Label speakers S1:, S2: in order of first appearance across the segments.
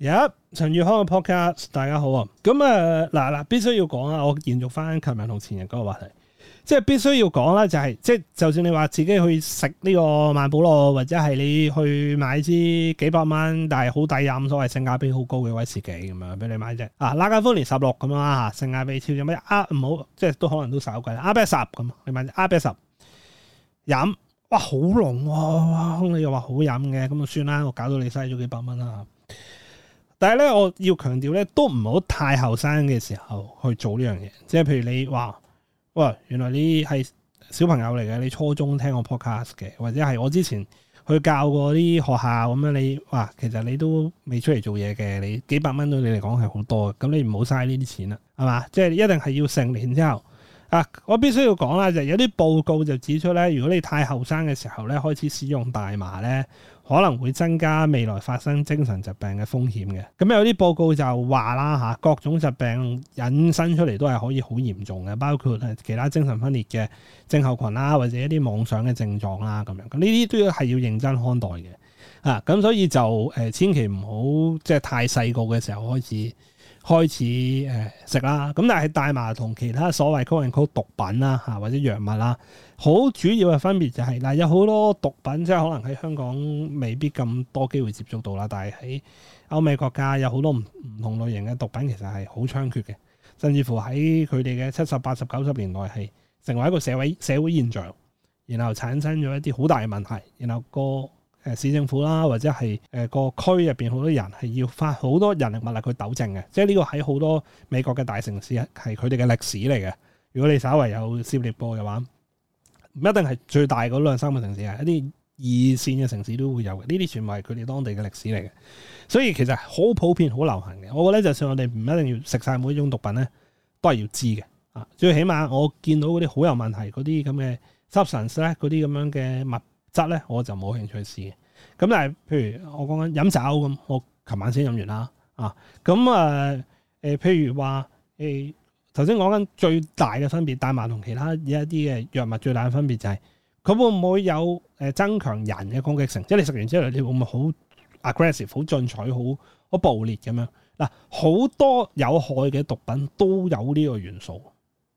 S1: 有、yep, 一陳宇康嘅 podcast，大家好、嗯、啊！咁啊嗱嗱，必須要講啊！我延續翻琴日同前日嗰個話題，即係必須要講啦，就係即係，就算你話自己去食呢個萬寶羅，或者係你去買支幾百蚊，但係好抵飲，所謂性價比好高嘅威士忌咁樣俾你買隻啊！拉加福年十六咁樣啊，性價比超有咩啊？唔、啊、好即係都可能都少貴啦。r 百十咁，你買 R 百十飲，哇好濃喎、啊！你又話好飲嘅，咁就算啦，我搞到你嘥咗幾百蚊啦～但係咧，我要強調咧，都唔好太後生嘅時候去做呢樣嘢。即係譬如你話，喂，原來你係小朋友嚟嘅，你初中聽我 podcast 嘅，或者係我之前去教過啲學校咁樣，你哇，其實你都未出嚟做嘢嘅，你幾百蚊對你嚟講係好多，咁你唔好嘥呢啲錢啦，係嘛？即係一定係要成年之後啊！我必須要講啦，就係有啲報告就指出咧，如果你太後生嘅時候咧開始使用大麻咧。可能會增加未來發生精神疾病嘅風險嘅，咁有啲報告就話啦嚇，各種疾病引申出嚟都係可以好嚴重嘅，包括係其他精神分裂嘅症候群啦，或者一啲妄想嘅症狀啦，咁樣咁呢啲都要係要認真看待嘅啊，咁所以就誒千祈唔好即係太細個嘅時候開始。開始誒食啦，咁但係大麻同其他所謂 cocaine coc 毒品啦吓或者藥物啦，好主要嘅分別就係嗱，有好多毒品即係可能喺香港未必咁多機會接觸到啦，但係喺歐美國家有好多唔唔同類型嘅毒品其實係好猖獗嘅，甚至乎喺佢哋嘅七十八十九十年代係成為一個社會社會現象，然後產生咗一啲好大嘅問題，然後個。誒市政府啦，或者係誒個區入邊好多人係要花好多人力物力去糾正嘅，即係呢個喺好多美國嘅大城市係佢哋嘅歷史嚟嘅。如果你稍為有涉獵波嘅話，唔一定係最大嗰兩三個城市啊，一啲二線嘅城市都會有嘅。呢啲全部係佢哋當地嘅歷史嚟嘅，所以其實好普遍，好流行嘅。我覺得就算我哋唔一定要食晒每一種毒品咧，都係要知嘅。啊，最起碼我見到嗰啲好有問題嗰啲咁嘅 substance 咧，嗰啲咁樣嘅物質咧我就冇興趣試嘅。咁但係，譬如我講緊飲酒咁，我琴晚先飲完啦。啊，咁啊、呃、譬如話誒，頭、呃、先講緊最大嘅分別，大麻同其他一啲嘅藥物最大嘅分別就係、是，佢會唔會有增強人嘅攻擊性？即係你食完之後，你會唔會好 aggressive、好進取、好好暴烈咁樣？嗱、啊，好多有害嘅毒品都有呢個元素。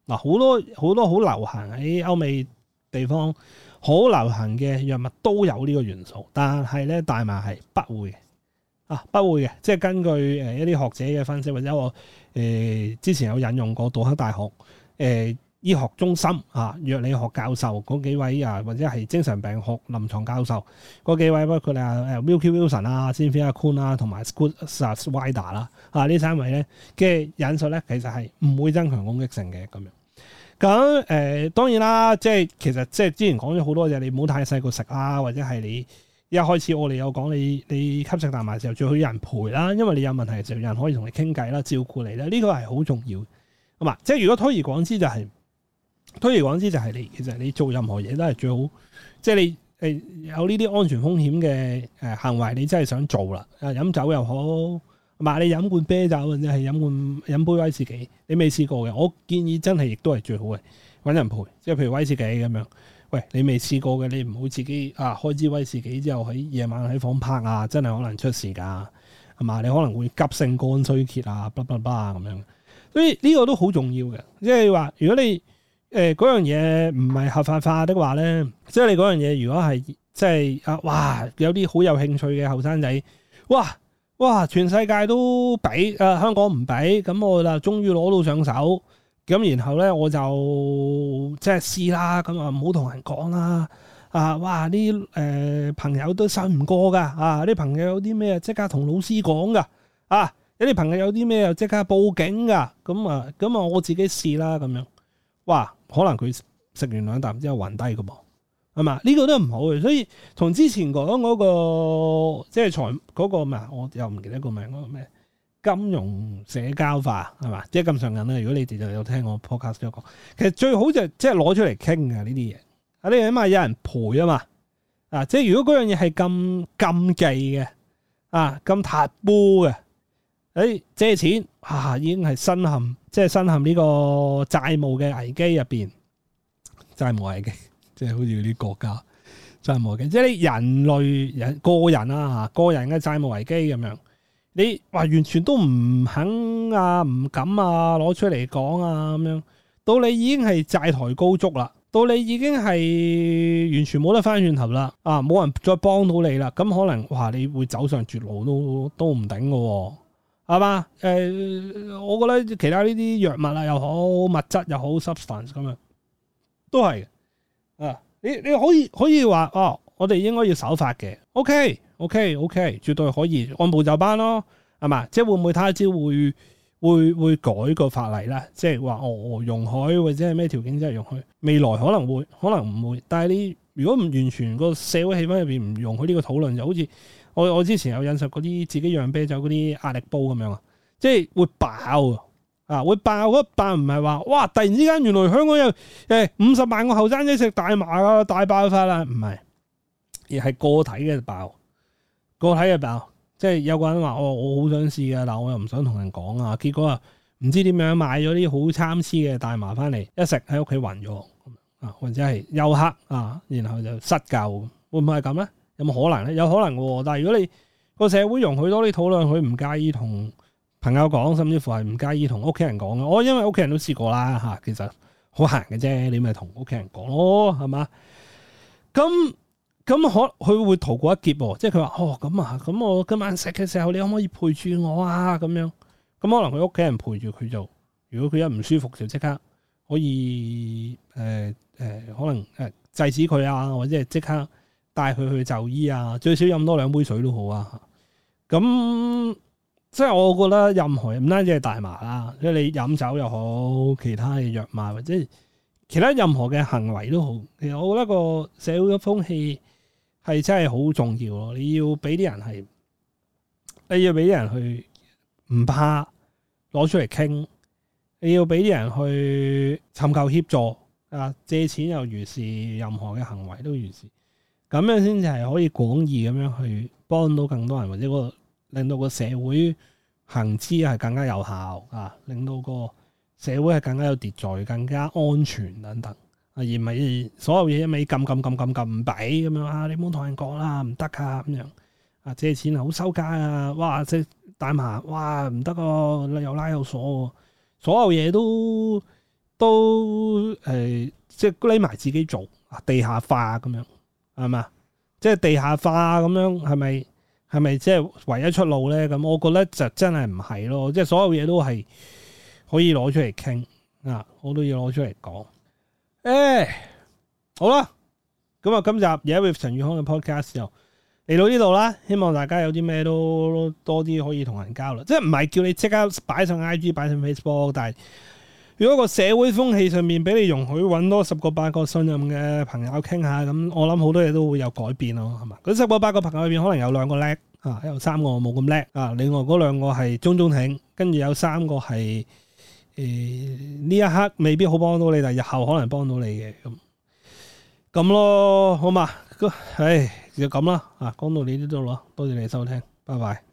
S1: 嗱、啊，好多好多好流行喺、哎、歐美。地方好流行嘅藥物都有呢個元素，但係咧大麻係不會嘅啊，不會嘅。即係根據、呃、一啲學者嘅分析，或者我、呃、之前有引用過杜克大學誒、呃、醫學中心啊藥理學教授嗰幾位啊，或者係精神病學臨床教授嗰幾位，包括你啊 Wilkie Wilson 啊、Cynthia Kun 啊、同埋 Squads Wider 啦啊，呢、啊啊啊、三位咧嘅引述咧，其實係唔會增強攻擊性嘅咁樣。咁誒、呃、當然啦，即係其實即係之前講咗好多嘢，你唔好太細個食啦，或者係你一開始我哋有講你你吸食大麻時候最好有人陪啦，因為你有問題嘅時候有人可以同你傾偈啦、照顧你啦，呢、這個係好重要。咁嘛，即係如果推而廣之就係、是、推而廣之就係你其實你做任何嘢都係最好，即係你誒有呢啲安全風險嘅誒行為，你真係想做啦，誒飲酒又好。嘛，你飲罐啤酒或者係飲罐飲杯威士忌，你未試過嘅，我建議真係亦都係最好嘅，搵人陪。即係譬如威士忌咁樣，喂，你未試過嘅，你唔好自己啊開支威士忌之後喺夜晚喺房拍啊，真係可能出事㗎。係嘛，你可能會急性肝衰竭啊，巴拉巴拉咁樣。所以呢個都好重要嘅，即係話如果你呃嗰樣嘢唔係合法化的話咧，即係你嗰樣嘢如果係即係啊，哇，有啲好有興趣嘅後生仔，哇！哇！全世界都俾，啊、呃、香港唔俾，咁我啦，終於攞到上手，咁然後咧我就即係試啦，咁啊唔好同人講啦，啊哇！啲、誒、呃、朋友都信唔過噶，啊啲朋友有啲咩啊即刻同老師講噶，啊有啲朋友有啲咩又即刻報警噶，咁啊咁啊我自己試啦咁樣，哇！可能佢食完兩啖之後暈低噶噃。係嘛？呢、這個都唔好嘅，所以同之前講嗰、那個即係財嗰個咩？我又唔記得、嗰個名。嗰個咩？金融社交化係嘛？即係咁上癮咧。如果你哋就有聽我 podcast 都講，其實最好就是、即係攞出嚟傾嘅呢啲嘢。啊，你起碼有人賠啊嘛。啊，即係如果嗰樣嘢係咁禁忌嘅，啊咁踏波嘅，誒、哎、借錢啊已經係身陷即係身陷呢個債務嘅危機入邊，債務危機。即係好似嗰啲國家債務冇嘅。即係你人類人個人啊嚇個人嘅債務危機咁樣，你話完全都唔肯啊唔敢啊攞出嚟講啊咁樣，到你已經係債台高築啦，到你已經係完全冇得翻轉頭啦啊！冇人再幫到你啦，咁可能話你會走上絕路都都唔頂㗎喎，係嘛？誒、呃，我覺得其他呢啲藥物啊又好物質又好 substance 咁樣，都係。啊、uh,，你你可以可以話哦，我哋應該要守法嘅，OK，OK，OK，、okay, okay, okay, 絕對可以按步就班咯，係嘛？即係會唔會他朝會會會改個法例啦？即係話我容許或者係咩條件真係容許？未來可能會可能唔會？但係你如果唔完全個社會氣氛入邊唔容許呢個討論，就好似我我之前有引述嗰啲自己釀啤酒嗰啲壓力煲咁樣啊，即係會爆！啊！會爆？爆唔係話哇！突然之間，原來香港有誒五十萬個後生仔食大麻啊大爆發啦，唔係，而係個體嘅爆，個體嘅爆，即係有個人話哦，我好想試噶，但係我又唔想同人講啊，結果啊唔知點樣買咗啲好參差嘅大麻翻嚟，一食喺屋企暈咗啊，或者係休克啊，然後就失救，會唔會係咁咧？有冇可能咧？有可能喎！但係如果你個社會容許多啲討論，佢唔介意同。朋友講，甚至乎係唔介意同屋企人講嘅。我、哦、因為屋企人都試過啦嚇，其實好閒嘅啫。你咪同屋企人講咯，係嘛？咁咁可佢會逃過一劫喎？即係佢話：哦咁啊，咁我今晚食嘅時候，你可唔可以陪住我啊？咁樣咁可能佢屋企人陪住佢做。如果佢一唔舒服就即刻可以誒誒、呃呃，可能誒、呃、制止佢啊，或者係即刻帶佢去就醫啊。最少飲多兩杯水都好啊。咁、嗯即係我覺得任何唔單止係大麻啦，即係你飲酒又好，其他嘅藥物或者其他任何嘅行為都好。其實我覺得個社會嘅風氣係真係好重要咯。你要俾啲人係，你要俾啲人去唔怕攞出嚟傾，你要俾啲人去尋求協助啊，借錢又如是，任何嘅行為都如是。咁樣先至係可以廣義咁樣去幫到更多人，或者嗰個。令到個社會行資係更加有效啊！令到個社會係更加有秩序、更加安全等等啊，而唔係所有嘢一味撳撳撳撳撳唔俾咁樣啊！你唔好同人講啦，唔得噶咁樣啊！借錢好收家啊！哇！即係彈埋，哇！唔得個，有拉有鎖喎！所有嘢都都誒，即係匿埋自己做地下化咁樣係咪？即係地下化咁樣係咪？是不是係咪即係唯一出路咧？咁我覺得就真係唔係咯，即係所有嘢都係可以攞出嚟傾啊，好多嘢攞出嚟講。誒，好啦，咁啊，今集而家、yeah、with 陳宇康嘅 podcast 又嚟到呢度啦，希望大家有啲咩都多啲可以同人交流，即係唔係叫你即刻擺上 IG、擺上 Facebook，但係。如果個社會風氣上面俾你容許，搵多十個八個信任嘅朋友傾下，咁我諗好多嘢都會有改變咯，係嘛？嗰十個八個朋友裏面可能有兩個叻啊，有三個冇咁叻啊，另外嗰兩個係中中挺，跟住有三個係呢、呃、一刻未必好幫到你，但係日後可能幫到你嘅咁咁咯，好嘛？唉就咁啦，啊講到你呢度咯，多謝你收聽，拜拜。